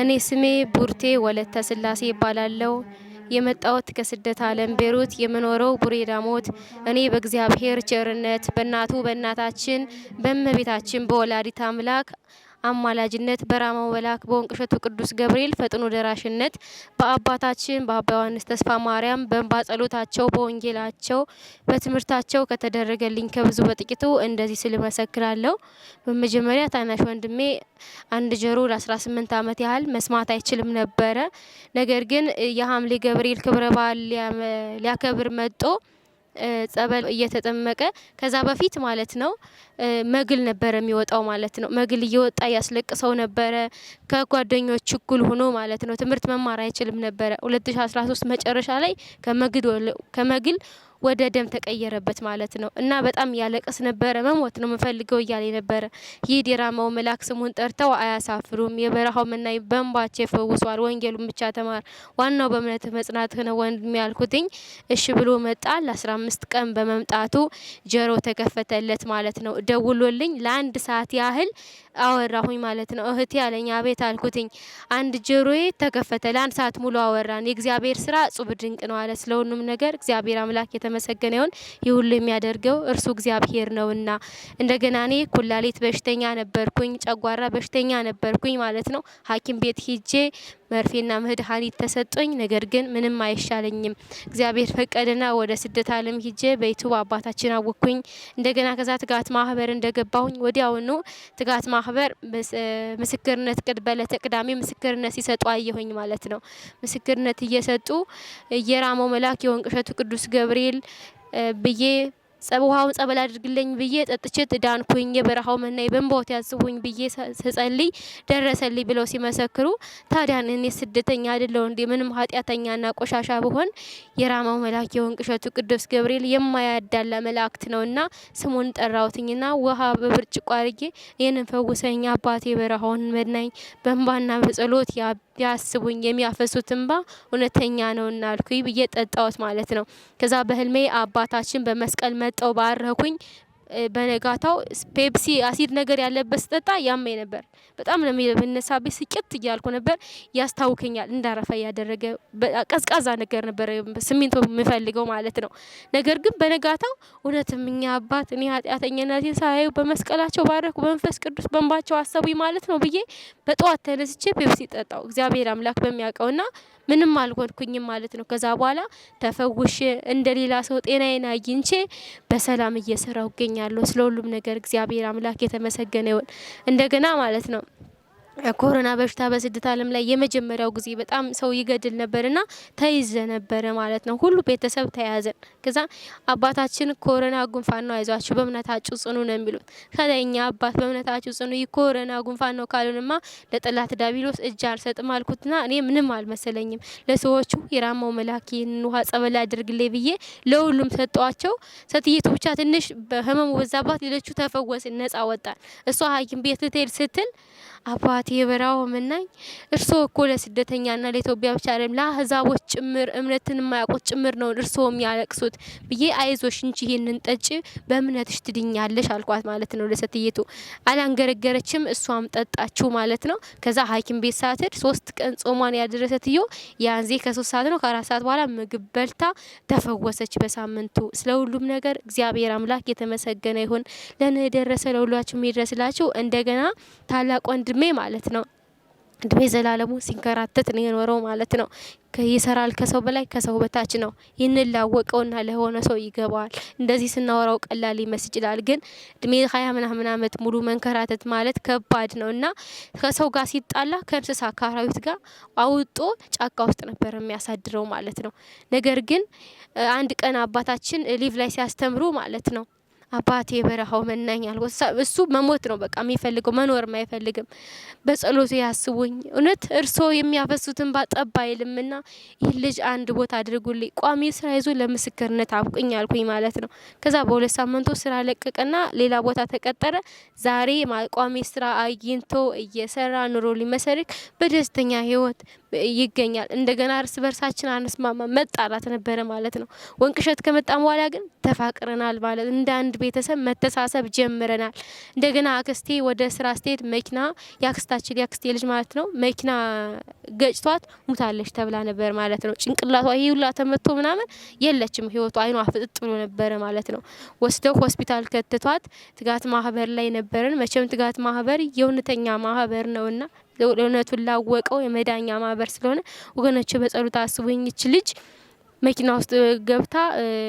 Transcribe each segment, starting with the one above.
እኔ ስሜ ቡርቴ ወለተ ስላሴ ይባላለው። የመጣሁት ከስደት ዓለም ቤሩት፣ የምኖረው ቡሬ ዳሞት። እኔ በእግዚአብሔር ቸርነት በእናቱ በእናታችን በእመቤታችን በወላዲት አምላክ አማላጅነት በራማው መላክ በወንቅሸቱ ቅዱስ ገብርኤል ፈጥኖ ደራሽነት በአባታችን በአባ ዮሐንስ ተስፋ ማርያም በእንባ ጸሎታቸው በወንጌላቸው በትምህርታቸው ከተደረገልኝ ከብዙ በጥቂቱ እንደዚህ ስል መሰክራለሁ። በመጀመሪያ ታናሽ ወንድሜ አንድ ጆሮ ለ18 ዓመት ያህል መስማት አይችልም ነበረ። ነገር ግን የሐምሌ ገብርኤል ክብረ በዓል ሊያከብር መጦ ጸበል እየተጠመቀ ከዛ በፊት ማለት ነው መግል ነበረ የሚወጣው ማለት ነው። መግል እየወጣ ያስለቅሰው ነበረ ከጓደኞች እኩል ሆኖ ማለት ነው። ትምህርት መማር አይችልም ነበረ። 2013 መጨረሻ ላይ ከመግል ወደ ደም ተቀየረበት ማለት ነው። እና በጣም ያለቀስ ነበረ። መሞት ነው የምፈልገው እያለ ነበረ። ይህ ዲራማው መልአክ ስሙን ጠርተው አያሳፍሩም። የበረሃው መናኝ በእንባቸው የፈውሷል። ወንጌሉን ብቻ ተማር፣ ዋናው በእምነትህ መጽናትህ ነው ወንድም ያልኩትኝ። እሺ ብሎ መጣ። ለአስራ አምስት ቀን በመምጣቱ ጆሮ ተከፈተለት ማለት ነው። ደውሎልኝ ለአንድ ሰዓት ያህል አወራሁኝ ማለት ነው። እህቴ አለኝ። አቤት አልኩትኝ። አንድ ጆሮዬ ተከፈተ። ለአንድ ሰዓት ሙሉ አወራን። የእግዚአብሔር ስራ እጹብ ድንቅ ነው አለ። ስለሁሉም ነገር እግዚአብሔር አምላክ የተመሰገነ ይሁን። ይህ ሁሉ የሚያደርገው እርሱ እግዚአብሔር ነውና። እንደገና እኔ ኩላሊት በሽተኛ ነበርኩኝ፣ ጨጓራ በሽተኛ ነበርኩኝ ማለት ነው። ሐኪም ቤት ሂጄ መርፌና መድኃኒት ተሰጦኝ፣ ነገር ግን ምንም አይሻለኝም። እግዚአብሔር ፈቀደና ወደ ስደት ዓለም ሂጄ በዩቱብ አባታችን አወቅኩኝ። እንደገና ከዛ ትጋት ማህበር እንደገባሁኝ ወዲያውኑ ትጋት ማህበር ምስክርነት ቅድበለተ ቅዳሜ ምስክርነት ሲሰጡ አየሁኝ ማለት ነው። ምስክርነት እየሰጡ እየራመው መልአክ የወንቅ እሸቱ ቅዱስ ገብርኤል ብዬ ውሃውን ጸበል አድርግልኝ ብዬ ጠጥቼ ዳንኩኝ። የበረሃው መናይ በንቦት ያስቡኝ ብዬ ስጸልይ ደረሰልኝ ብለው ሲመሰክሩ ታዲያን እኔ ስደተኛ አይደለሁ እንዴ? ምንም ኃጢአተኛና ቆሻሻ ብሆን የራማው መልአክ የወንቅ እሸቱ ቅዱስ ገብርኤል የማያዳላ መላእክት ነውና ስሙን ጠራውትኝና ውሃ በብርጭቆ አድርጌ ይህንን ፈውሰኝ አባቴ፣ የበረሃውን መናኝ በንባና በጸሎት ያስቡኝ የሚያፈሱት እንባ እውነተኛ ነውና አልኩኝ ብዬ ጠጣሁት ማለት ነው። ከዛ በህልሜ አባታችን በመስቀል መጠው ባረኩኝ። በነጋታው ፔፕሲ አሲድ ነገር ያለበት ስጠጣ ያመኝ ነበር። በጣም ነው ቤት ስቅት እያልኩ ነበር። ያስታውከኛል እንዳረፋ እያደረገ ቀዝቃዛ ነገር ነበር ስሚንቶ የምፈልገው ማለት ነው። ነገር ግን በነጋታው እውነትም እኛ አባት እኔ ኃጢአተኛነቴን ሳያዩ በመስቀላቸው ባረኩ፣ በመንፈስ ቅዱስ በንባቸው አሰቡኝ ማለት ነው ብዬ በጠዋት ተነስቼ ፔፕሲ ጠጣው እግዚአብሔር አምላክ በሚያውቀውና ምንም አልሆንኩኝም ማለት ነው። ከዛ በኋላ ተፈውሼ እንደሌላ ሰው ሰው ጤናዬን አግኝቼ በሰላም እየሰራው እገኛለሁ። ስለ ሁሉም ነገር እግዚአብሔር አምላክ የተመሰገነ ይሁን። እንደገና ማለት ነው ኮሮና በሽታ በስደት ዓለም ላይ የመጀመሪያው ጊዜ በጣም ሰው ይገድል ነበርና ተይዘ ነበረ ማለት ነው። ሁሉ ቤተሰብ ተያዘን። ከዛ አባታችን ኮሮና ጉንፋን ነው፣ አይዟችሁ በእምነታችሁ ጽኑ ነው የሚሉት። ከላይኛ አባት በእምነታችሁ ጽኑ፣ ይህ ኮሮና ጉንፋን ነው ካልሆንማ ለጠላት ዲያብሎስ እጅ አልሰጥም አልኩትና እኔ ምንም አልመሰለኝም። ለሰዎቹ የራማው መልአክ ውሃ ጸበል ያድርግልኝ ብዬ ለሁሉም ሰጠዋቸው። ሴትየቱ ብቻ ትንሽ ህመሙ በዛባት፣ ሌሎቹ ተፈወስን፣ ነጻ ወጣል። እሷ ሐኪም ቤት ልትሄድ ስትል አባቴ የበራው ምናኝ እርስዎ እኮ ለስደተኛና ለኢትዮጵያ ብቻ አይደለም ለአህዛቦች ጭምር እምነትን የማያውቁት ጭምር ነው እርስዎ የሚያለቅሱት ብዬ አይዞሽ እንጂ ይህንን ጠጪ በእምነትሽ ትድኛለሽ አልኳት ማለት ነው ለሴትየቱ። አላንገረገረችም፣ እሷም ጠጣችው ማለት ነው። ከዛ ሐኪም ቤት ሳትሄድ ሶስት ቀን ጾሟን ያደረሰትዮ ያንዜ ከሶስት ሰዓት ነው ከአራት ሰዓት በኋላ ምግብ በልታ ተፈወሰች በሳምንቱ። ስለ ሁሉም ነገር እግዚአብሔር አምላክ የተመሰገነ ይሁን። ለነ የደረሰ ለሁላችሁ የሚደርስላችሁ እንደገና ታላቅ ወንድ ወንድሜ ማለት ነው እድሜ ዘላለሙ ሲንከራተት ነው የኖረው ማለት ነው። ይሰራል ከሰው በላይ ከሰው በታች ነው። ይህንን ላወቀውና ለሆነ ሰው ይገባዋል። እንደዚህ ስናወራው ቀላል ይመስ ይችላል፣ ግን እድሜ ሀያ ምናምን ዓመት ሙሉ መንከራተት ማለት ከባድ ነው እና ከሰው ጋር ሲጣላ ከእንስሳ ከአራዊት ጋር አውጦ ጫካ ውስጥ ነበር የሚያሳድረው ማለት ነው። ነገር ግን አንድ ቀን አባታችን ሊቭ ላይ ሲያስተምሩ ማለት ነው አባት የበረሃው መናኝ አልወሳ እሱ መሞት ነው በቃ የሚፈልገው መኖርም አይፈልግም። በጸሎቱ ያስቡኝ። እውነት እርሶ የሚያፈሱትን ባጠባ አይልምና ይህ ልጅ አንድ ቦታ አድርጉልኝ፣ ቋሚ ስራ ይዞ ለምስክርነት አብቁኝ አልኩኝ ማለት ነው። ከዛ በሁለት ሳምንቱ ስራ ለቀቀና ሌላ ቦታ ተቀጠረ። ዛሬ ቋሚ ስራ አግኝቶ እየሰራ ኑሮ ሊመሰርክ በደስተኛ ህይወት ይገኛል። እንደገና እርስ በርሳችን አንስማማ መጣላት ነበረ ማለት ነው። ወንቅሸት ከመጣም በኋላ ግን ተፋቅረናል ማለት እንደ አንድ ቤተሰብ መተሳሰብ ጀምረናል። እንደገና አክስቴ ወደ ስራ ስትሄድ መኪና የአክስታችን የአክስቴ ልጅ ማለት ነው መኪና ገጭቷት ሙታለች ተብላ ነበር ማለት ነው። ጭንቅላቷ ይህ ሁላ ተመቶ ምናምን የለችም ህይወቷ፣ አይኗ ፍጥጥ ብሎ ነበረ ማለት ነው። ወስደው ሆስፒታል ከተቷት ትጋት ማህበር ላይ ነበርን። መቼም ትጋት ማህበር የእውነተኛ ማህበር ነውና እውነቱን ላወቀው የመዳኛ ማህበር ስለሆነ ወገኖች በጸሎት አስቡኝ። ይች ልጅ መኪና ውስጥ ገብታ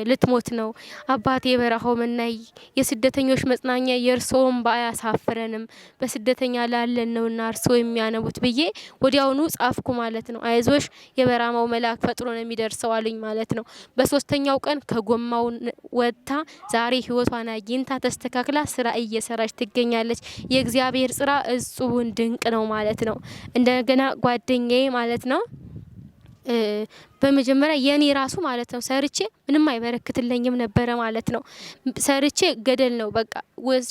ልትሞት ነው። አባቴ የበረሃው መናይ፣ የስደተኞች መጽናኛ፣ የእርስዎ እንባ በስደተኛ ላለን ነውና እርስዎ የሚያነቡት ብዬ ወዲያውኑ ጻፍኩ ማለት ነው። አይዞሽ የበረሃማው መልአክ ፈጥኖ ነው የሚደርሰው አሉኝ ማለት ነው። በሶስተኛው ቀን ከጎማው ወጥታ ዛሬ ህይወቷን አግኝታ ተስተካክላ ስራ እየሰራች ትገኛለች። የእግዚአብሔር ስራ እጹቡን ድንቅ ነው ማለት ነው። እንደገና ጓደኛዬ ማለት ነው በመጀመሪያ የኔ ራሱ ማለት ነው ሰርቼ ምንም አይበረክትልኝም ነበረ ማለት ነው። ሰርቼ ገደል ነው በቃ። ውጭ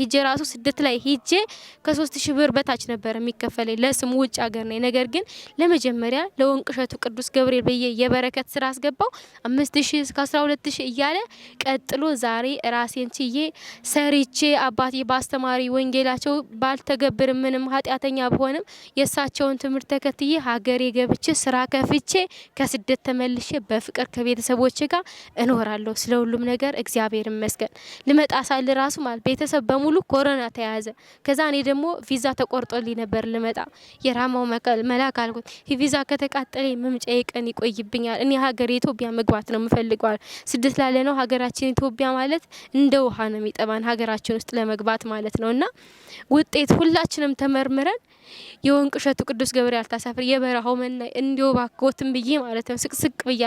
ሂጄ ራሱ ስደት ላይ ሂጄ ከሶስት ሺህ ብር በታች ነበረ የሚከፈለኝ ለስሙ ውጭ ሀገር ነኝ። ነገር ግን ለመጀመሪያ ለወንቅ እሸቱ ቅዱስ ገብርኤል ብዬ የበረከት ስራ አስገባው አምስት ሺህ እስከ አስራ ሁለት ሺህ እያለ ቀጥሎ ዛሬ ራሴን ችዬ ሰርቼ አባቴ በአስተማሪ ወንጌላቸው ባልተገብር ምንም ኃጢአተኛ ብሆንም የእሳቸውን ትምህርት ተከትዬ ሀገሬ ገብቼ ስራ ከፍቼ ከስደት ተመልሼ በፍቅር ከቤተሰቦች ጋር እኖራለሁ። ስለ ሁሉም ነገር እግዚአብሔር ይመስገን። ልመጣ ሳል ራሱ ማለት ቤተሰብ በሙሉ ኮሮና ተያያዘ። ከዛ እኔ ደግሞ ቪዛ ተቆርጦልኝ ነበር ልመጣ የራማው መላክ አልኩት። ቪዛ ከተቃጠለ መምጫዬ ቀን ይቆይብኛል። እኔ ሀገር ኢትዮጵያ መግባት ነው የምፈልገዋል። ስደት ላለ ነው ሀገራችን ኢትዮጵያ ማለት እንደ ውሃ ነው የሚጠባን ሀገራችን ውስጥ ለመግባት ማለት ነው እና ውጤት ሁላችንም ተመርምረን የወንቅ እሸቱ ቅዱስ ገብርኤል ታሳፍር የበረሃው መናይ እንዲው ባኮትን ብዬ ማለት ማለት ነው። ስቅስቅ ብዬ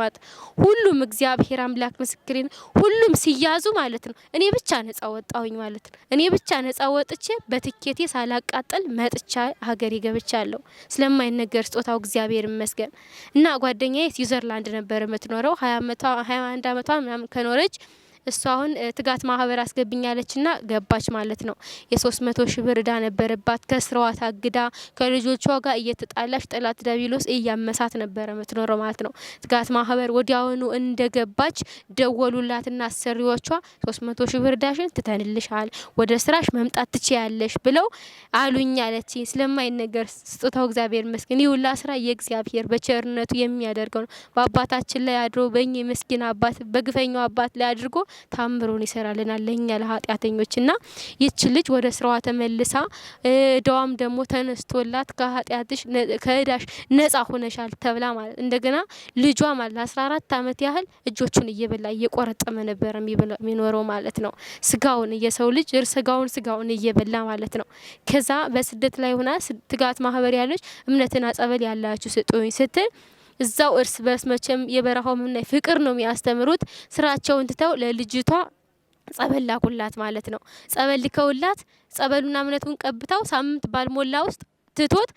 ማለት ሁሉም እግዚአብሔር አምላክ ምስክሬ ሁሉም ሲያዙ ማለት ነው እኔ ብቻ ነጻ ወጣሁኝ ማለት ነው። እኔ ብቻ ነጻ ወጥቼ በትኬቴ ሳላቃጠል መጥቻ ሀገሬ ገብቻለሁ። ስለማይነገር ስጦታው እግዚአብሔር ይመስገን እና ጓደኛዬ ስዊዘርላንድ ነበር የምትኖረው ሀያ አንድ አመቷ ምናምን ከኖረች እሷ አሁን ትጋት ማህበር አስገብኛለች አስገብኛለችና ገባች ማለት ነው። የሶስት መቶ ሺህ ብር እዳ ነበረባት። ከስራዋ ታግዳ ከልጆቿ ጋር እየተጣላች ጠላት ዳቢሎስ እያመሳት ነበረ ምትኖረው ማለት ነው። ትጋት ማህበር ወዲያውኑ እንደገባች ደወሉላትና አሰሪዎቿ ሶስት መቶ ሺህ ብር እዳሽን ትተንልሻል፣ ወደ ስራሽ መምጣት ትችያለሽ ብለው አሉኝ አለች። ስለማይነገር ስጦታው እግዚአብሔር ይመስገን። ይህ ሁላ ስራ የእግዚአብሔር በቸርነቱ የሚያደርገው ነው። በአባታችን ላይ አድሮ በእኚህ ምስኪን አባት በግፈኛው አባት ላይ አድርጎ ታምሮን ይሰራልናል ለእኛ ለኃጢአተኞች ና ይች ልጅ ወደ ስራዋ ተመልሳ እዳዋም ደግሞ ተነስቶላት ከኃጢአትሽ ከእዳሽ ነጻ ሆነሻል ተብላ ማለት እንደገና ልጇ ማለት አስራ አራት አመት ያህል እጆቹን እየበላ እየቆረጠመ ነበር የሚኖረው ማለት ነው። ስጋውን የሰው ልጅ ስጋውን ስጋውን እየበላ ማለት ነው። ከዛ በስደት ላይ ሆና ትጋት ማህበር ያለች እምነትና ጸበል ያላችሁ ስጡኝ ስትል እዛው እርስ በርስ መቼም የበረሃው ምናይ ፍቅር ነው የሚያስተምሩት። ስራቸውን ትተው ለልጅቷ ጸበል ላኩላት ማለት ነው። ጸበል ልከውላት ጸበሉና እምነቱን ቀብተው ሳምንት ባልሞላ ውስጥ ትቶት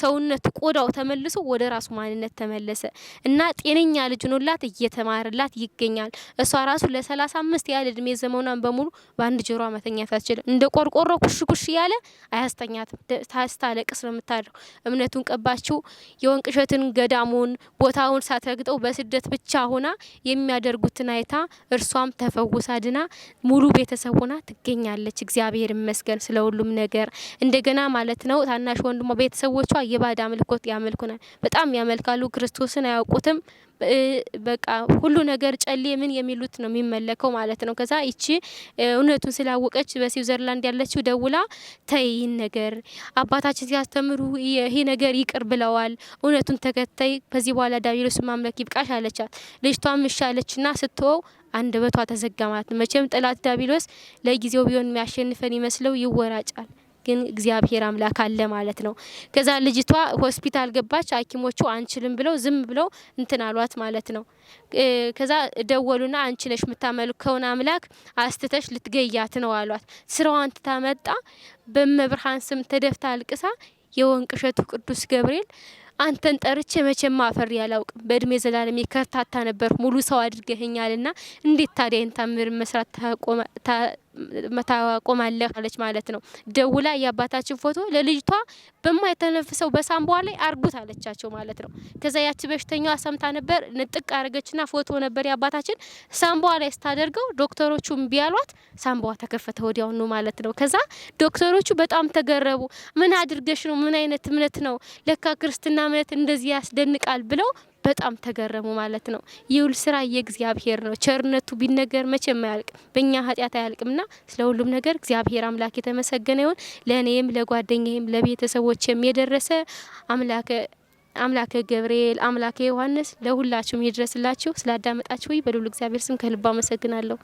ሰውነቱ ቆዳው ተመልሶ ወደ ራሱ ማንነት ተመለሰ እና ጤነኛ ልጅ ኖላት እየተማረላት ይገኛል። እሷ ራሱ ለ35 ያህል እድሜ ዘመኗን በሙሉ በአንድ ጆሮ መተኛት አትችልም። እንደ ቆርቆሮ ኩሽ ኩሽ እያለ አያስተኛትም። ታስታለቅስ ነው የምታድረው። እምነቱን ቀባችው። የወንቅ እሸትን ገዳሙን ቦታውን ሳትረግጠው በስደት ብቻ ሆና የሚያደርጉትን አይታ እርሷም ተፈውሳ ድና ሙሉ ቤተሰብ ሆና ትገኛለች። እግዚአብሔር ይመስገን ስለ ሁሉም ነገር። እንደገና ማለት ነው ታናሽ ወንድ ቤተሰቦቿ የባዕድ አምልኮት ያመልኩናል። በጣም ያመልካሉ። ክርስቶስን አያውቁትም። በቃ ሁሉ ነገር ጨሌ ምን የሚሉት ነው የሚመለከው ማለት ነው። ከዛ ይቺ እውነቱን ስላወቀች በስዊዘርላንድ ያለችው ደውላ ተይ ይህን ነገር አባታችን ሲያስተምሩ ይሄ ነገር ይቅር ብለዋል፣ እውነቱን ተከታይ ከዚህ በኋላ ዲያብሎስን ማምለክ ይብቃሽ አለቻት። ልጅቷም እሺ አለችና ስትወው አንደበቷ ተዘጋ ማለት ነው። መቼም ጠላት ዳቢሎስ ለጊዜው ቢሆን የሚያሸንፈን ይመስለው ይወራጫል። ግን እግዚአብሔር አምላክ አለ ማለት ነው። ከዛ ልጅቷ ሆስፒታል ገባች። ሐኪሞቹ አንችልም ብለው ዝም ብለው እንትን አሏት ማለት ነው። ከዛ ደወሉና አንችለሽ ነሽ የምታመልከውን አምላክ አስትተሽ ልትገያት ነው አሏት። ስራዋን ትታመጣ በመብርሃን ስም ተደፍታ አልቅሳ የወንቅ እሸቱ ቅዱስ ገብርኤል አንተን ጠርቼ መቼም አፈር ያላውቅ በእድሜ ዘላለም የከርታታ ነበር ሙሉ ሰው አድርገኸኛልና እንዴት ታዲያ ይህን ታምር መስራት ታቆማለህ አለች ማለት ነው። ደውላ የአባታችን ፎቶ ለልጅቷ በማይተነፍሰው በሳምቧ ላይ አርጉት አለቻቸው ማለት ነው። ከዛ ያቺ በሽተኛዋ ሰምታ ነበር፣ ንጥቅ አረገችና ፎቶ ነበር የአባታችን ሳምቧ ላይ ስታደርገው ዶክተሮቹ ቢያሏት አሏት። ሳምቧ ተከፈተ ወዲያውኑ ማለት ነው። ከዛ ዶክተሮቹ በጣም ተገረቡ። ምን አድርገሽ ነው? ምን አይነት እምነት ነው? ለካ ክርስትና እምነት እንደዚህ ያስደንቃል ብለው በጣም ተገረሙ ማለት ነው። ይውል ስራ የእግዚአብሔር ነው። ቸርነቱ ቢነገር መቼም አያልቅም፣ በእኛ ኃጢአት አያልቅምና ስለ ሁሉም ነገር እግዚአብሔር አምላክ የተመሰገነ ይሁን። ለእኔም ለጓደኛዬም ለቤተሰቦችም የደረሰ አምላከ አምላከ ገብርኤል አምላከ ዮሐንስ ለሁላችሁም ይድረስላችሁ። ስላዳመጣችሁ በልዑል እግዚአብሔር ስም ከልብ አመሰግናለሁ።